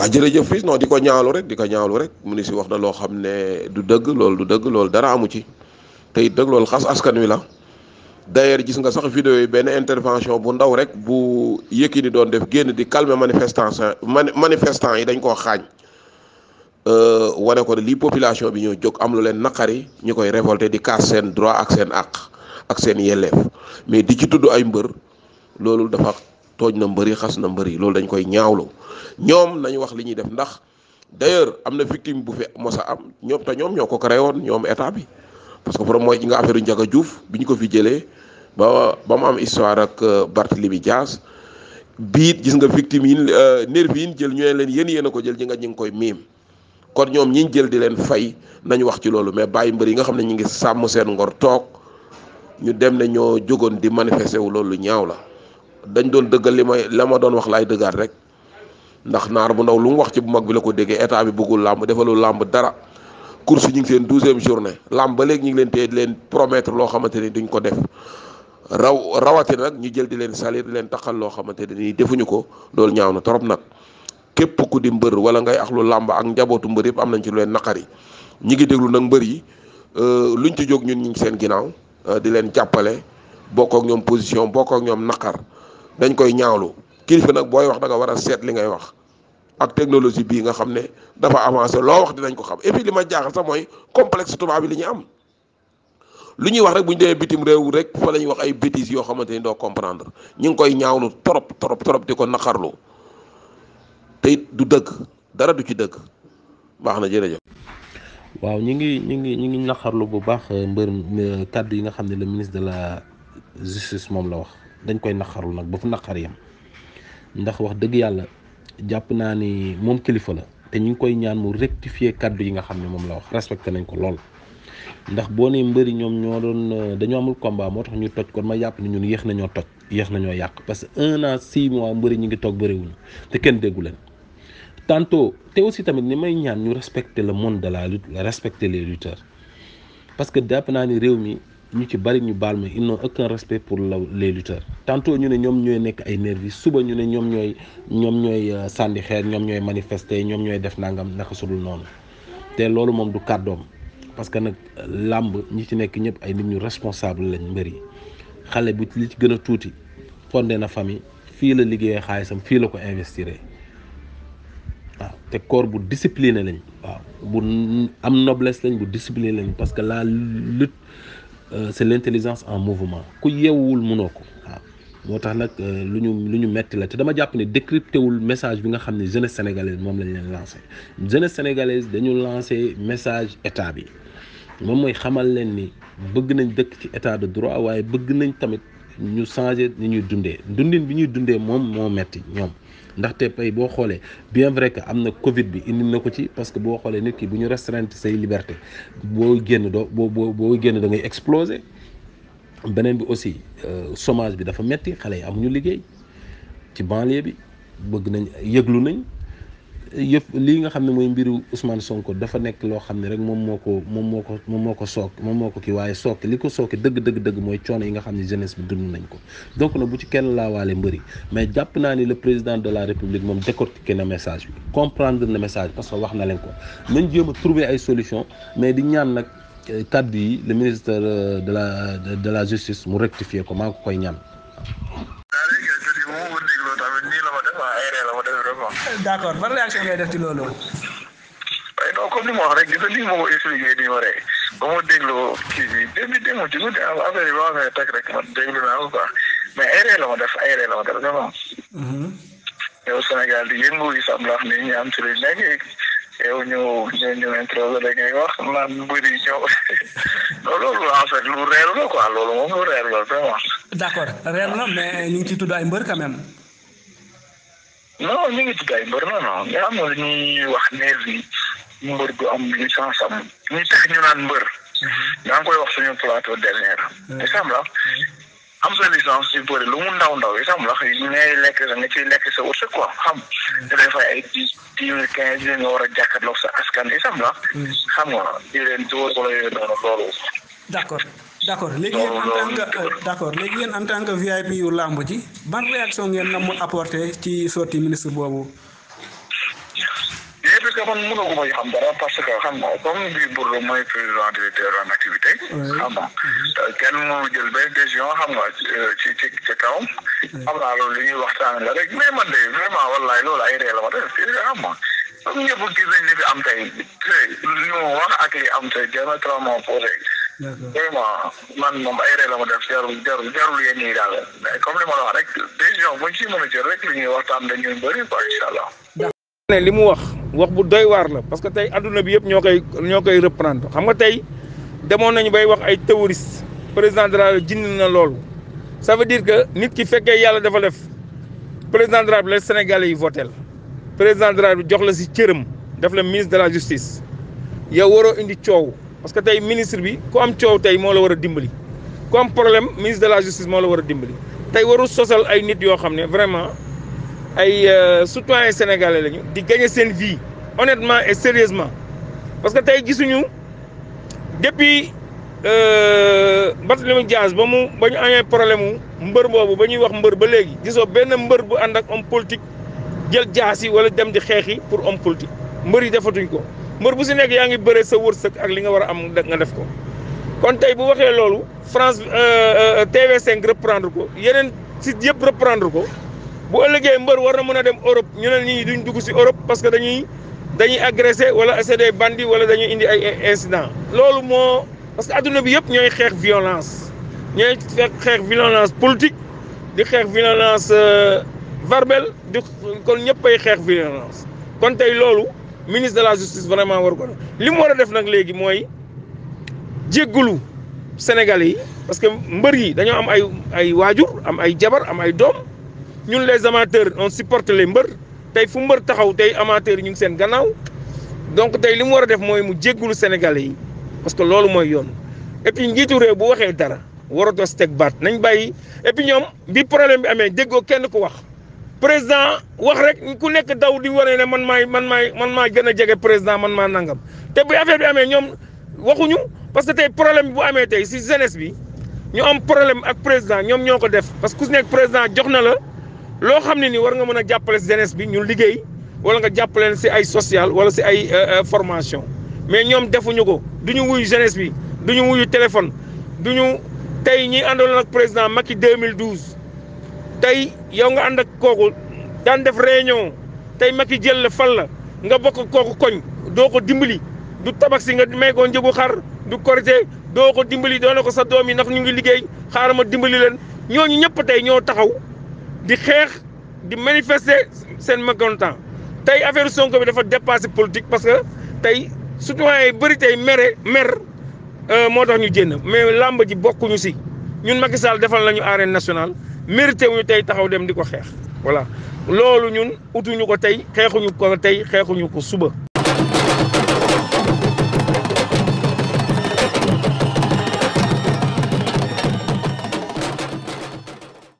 waaw jërëjëf fii non di ko ñaawlu rek di ko ñaawlu rek mu si wax na loo xam ne du dëgg loolu du dëgg loolu dara amu ci te it dëgg loolu xas askan wi la d'ailleurs gis nga sax vidéo yi benn intervention bu ndaw rek bu Yékini doon def génn di calmer manifestants manifestant yi dañ koo xaañ euh, wane ko ne lii population bi ñoo jóg am lu leen naqari ñu koy révolter di kaas seen droit ak seen àq ak seen yelleef mais di ci tudd ay mbër loolu dafa tooñ na mbëri xas na mbëri loolu dañ koy ñaawlu ñoom nañu wax li ñuy def ndax d'ailleurs am na victime bu fi mos a am ñoom te ñoom ñoo ko créé woon ñoom état bi parce que problème mooy ci nga affaire Ndiaga Diouf bi ñu ko fi jëlee ba ba mu am histoire ak euh, Barthélemy Dias biit gis nga victime yi euh, nervi yi jël ñu leen yéen yéen a ko jël ñi nga ñu ngi koy miim kon ñoom ñi jël di leen fay nañu wax ci loolu mais bàyyi mbër yi nga xam ne ñu ngi sàmm seen ngor toog ñu dem ne ñoo jógoon di manifester wu loolu ñaaw la. dañ doon dëggal li may la ma doon wax laay dëggaat rek ndax naar bu ndaw lu mu wax ci bu mag bi la ko déggee état bi bëggul làmb defalu làmb dara course ñu ngi seen douzième journée làmb ba léegi ñu ngi leen téye di leen promettre loo xamante ni duñ ko def raw rawatina nag ñu jël di leen salir leen taxal loo xamante ne nii defuñu ko loolu ñaaw na trop nag képp ku di mbër wala ngay axlu làmb ak njabootu mbër yëpp am nañ ci lu leen naqari ñi ngi déglu nag mbër yi euh, luñ ci jóg ñun ñu ngi seen ginnaaw euh, di leen jàppale bokk ak ñoom position bokk ñoom naqar. dañ koy ñaawlu kilifa nag booy wax da war a seet li ngay wax ak technologie bii nga xam ne dafa avancer loo wax dinañ ko xam et puis li ma jaaxal sax mooy complexe tubaab bi li ñu am lu ñuy wax rek bu ñu bitim réew rek fa la ñuy wax ay bêtises yoo xamante ni doo comprendre ñu ngi koy ñaawlu trop trop trop di ko naqarlu te it du dëgg dara du ci dëgg baax na jërëjëf. waaw ñu ngi ñu ngi ñu ngi naqarlu bu baax mbër euh, kàddu yi nga xam ne la ministre de la justice moom la wax. dañ koy naqarul nag ba fu naqar yam ndax wax dëgg yàlla jàpp naa ni moom kilifa la te ñu ngi koy ñaan mu rectifier kàddu yi nga xam ne moom la wax respecté nañ ko lool ndax boo nee mbëri ñoom ñoo doon dañoo amul combat moo tax ñu toj kon ma yàpp ni ñun yéex nañoo toj yéex nañoo yàq parce que un an six mois mbëri ñu ngi toog bëriwuñu te kenn déggu leen tantôt te aussi tamit ni may ñaan ñu respecter le monde de la lutte le les parce que ñu ci bari ñu baal ma ils n'ont aucun respect pour les lutteurs tantôt ñu ne ñoom ñooy nekk ay nervis suba ñu ne ñoom ñooy ñoom ñooy euh, sànni xeer ñoom ñooy manifester ñoom ñooy def nangam naka sudul noonu te loolu moom du kàddoom parce que nag euh, làmb ñi ci nekk ñëpp ay nit ñu responsable lañ mbër yi xale bu li ci gën a tuuti fondé na famille fii la liggéeyee xaalisam fii la ko investir waaw te corps bu discipliné lañ waaw bu am noblesse lañ bu discipliné lañ parce que la Euh, c'est l'intelligence en mouvement ku yeewul mënoo ko waaw moo tax nag euh, lu ñu lu ñu metti la te dama jàpp ne décrypté wul message bi nga xam ne jeunesse sénégalaise moom lañ leen lancé jeunesse sénégalaise dañu lancé message état bi moom mooy xamal leen ni bëgg nañ dëkk ci état de droit waaye bëgg nañ tamit ñu changé ni ñuy dundee dundin bi ñuy dundee moom moo metti ñoom ndaxte tey boo xoolee bien vrai que am na Covid bi indi na ko ci parce que boo xoolee nit ki bu ñu restreindre say liberté boo génn doo boo boo boo génn dangay ngay exploser beneen bi aussi euh, chômage bi dafa metti xale yi am ñu liggéey ci banlieue bi bëgg nañ yëglu nañ. yëpp lii nga xam ne mooy mbiru usman Sonko dafa nekk loo xam ne rek moom moo ko moom moo ko moom moo ko sook moom moo ko ki waaye sooke li ko sooke dëgg dëgg dëgg mooy coono yi nga xam ne jeunesse bi dund nañ ko donc nag bu ci kenn laawaale mbëri mais jàpp naa ne le président de la république moom décortiquer na message bi comprendre na message parce que wax na leen ko nañ jéem a trouver ay solution mais di ñaan nag kàddu yi le ministre de la de la justice mu rectifier ko maa ngi koy ñaan d' accord ban réaction ngay def ci loolu. waaye eh non comme ni ma wax rek gis nga lii ma ko expliqué nii waree ba ma déglu kii bi démb démb ci guddi am affaire yi ba ma fay teg rek man déglu naa ko quoi mais aéré la ma def aéré la ma def nga moom. Mm-hmm. yow Sénégal di yëngu yi sam laaf nii ñu am ci li nekk yow ñu ñu ñu introsé da ngay wax naan mbir yi ñëw loolu en fait lu reer la quoi loolu moom lu reer la vraiment. d' accord reer la mais ñu ngi ciy tudd ay mbër quand même. non ñu ngi tudd ay mbër non non mais am na ñuy wax nervi yi mbër bu am licence am ñu tax ñu naan mbër. daa mhm. ngi koy wax suñu plateau dernier. isam mhm. la mhm. am sa licence ci bëri lu mu ndaw ndaw isam la ngay lekk sa nga ciy lekk sa ko am xam. te day fay ay dix dix mille nga war a jàkkaarloog sa askan isam la. xam nga di leen dóor wala noonu loolu. d'accord. d' accord léegi yéen en tant léegi yéen en tant que VIP yu làmb ji ban réaction ngeen na mu apporté ci sortie ministre boobu. léegi eh, parce que xam dara que xam nga comme bii Bourdieu mooy président directeur en xam nga mhm. jël benn décision xam nga ci ci ci kawam. xam naa loolu li ñuy waxtaan la rek mais man de vraiment wallahi loolu ay réew la ma def xam nga. am tey te li wax ak li am tey jërë nga trop vraiment man moom ay réew la ma def rek ñuy waxtaan dañuy ne li mu wax wax bu doy waar la parce que tey adduna bi yëpp ñoo koy ñoo koy reprendre xam nga tey demoon nañu bay wax ay terroriste président de la jindi na loolu ça veut que nit ki fekkee yàlla dafa def président de la bi la Sénégalais yi voté président de jox la si cëram def la ministre de la justice yow waroo indi coow. parce que tey ministre bi ku am coow tey moo la war a dimbali ku am problème ministre de la justice moo la war a dimbali tey warul sosal ay nit yoo xam ne vraiment ay euh, citoyens sénégalais lañu di gagner seen vie honnêtement et sérieusement parce que tey gisuñu depuis euh, Barthélémy Dias ba mu ba ñu amee problème mbër boobu ba ñuy wax mbër ba léegi gisoo benn mbër bu ànd ak homme politique jël jaas yi wala dem di xeexi pour homme politique mbër yi defatuñ ko. mbër bu si nekk yaa ngi bëre sa wërsëg ak li nga war a am nga def ko kon tey bu waxee loolu France euh, euh, TV5 reprendre ko yeneen si yëpp reprendre ko bu ëllëgee mbër war na mën a dem Europe ñu ne nit ñi duñ dugg si Europe parce que dañuy dañuy agressé wala c'est des bandits wala dañuy indi ay incident loolu moo parce que adduna bi yëpp ñooy xeex violence ñooy xeex violence politique di xeex violence euh, verbale di kon ñëpp ay xeex violence kon tey loolu. ministre de la justice vraiment war ko li mu war a def nag léegi mooy jéggulu Sénégalais yi parce que mbër yi dañoo am ay ay waajur am ay jabar am ay doom ñun les amateurs on supporte les mbër tey fu mbër taxaw tey amateurs yi ñu ngi seen gannaaw donc tey li mu war a def mooy mu jéggulu Sénégalais yi parce que loolu mooy yoon et puis njiitu réew bu waxee dara waratoo si teg baat nañ bàyyi et puis ñoom bi problème bi amee déggoo kenn ko wax. président wax rek ku nekk daw di wane ne man maay man maay man maa gën a jege président man maa nangam te bu affaire bi amee ñoom waxuñu parce que tey problème bu amee tey si jeunesse bi ñu am problème ak président ñoom ñoo ko def parce que ku si nekk président jox na la loo xam ne ni war nga mën a jàppale si jeunesse bi ñu liggéey wala nga jàppaleen si ay social wala si ay euh, euh, formation mais ñoom defuñu ko du ñu wuyu jeunesse bi duñu wuyu téléphone duñu tey ñi àndoon ak président Macky 2012. tey yow nga ànd ak kooku daan def réunion tey Macky jël la fal la nga bokk kooku koñ doo ko dimbali du tabax si nga may ko njëgu xar du korité doo ko dimbali doo na ko sa doom yi ndax ñu ngi liggéey xaaral ma dimbali leen ñooñu ñëpp tey ñoo taxaw di xeex di manifeste seen mécontent tey affaire Sonko bi dafa dépassé politique parce que tey citoyen yi bëri tey mere mer euh, moo tax ñu jénn mais làmb ji bokkuñu si ñun Macky Sall defal nañu arène nationale mérité wuñu tey taxaw dem di ko xeex voilà loolu ñun utuñu ko tey xeexuñu ko tey xeexuñu ko suba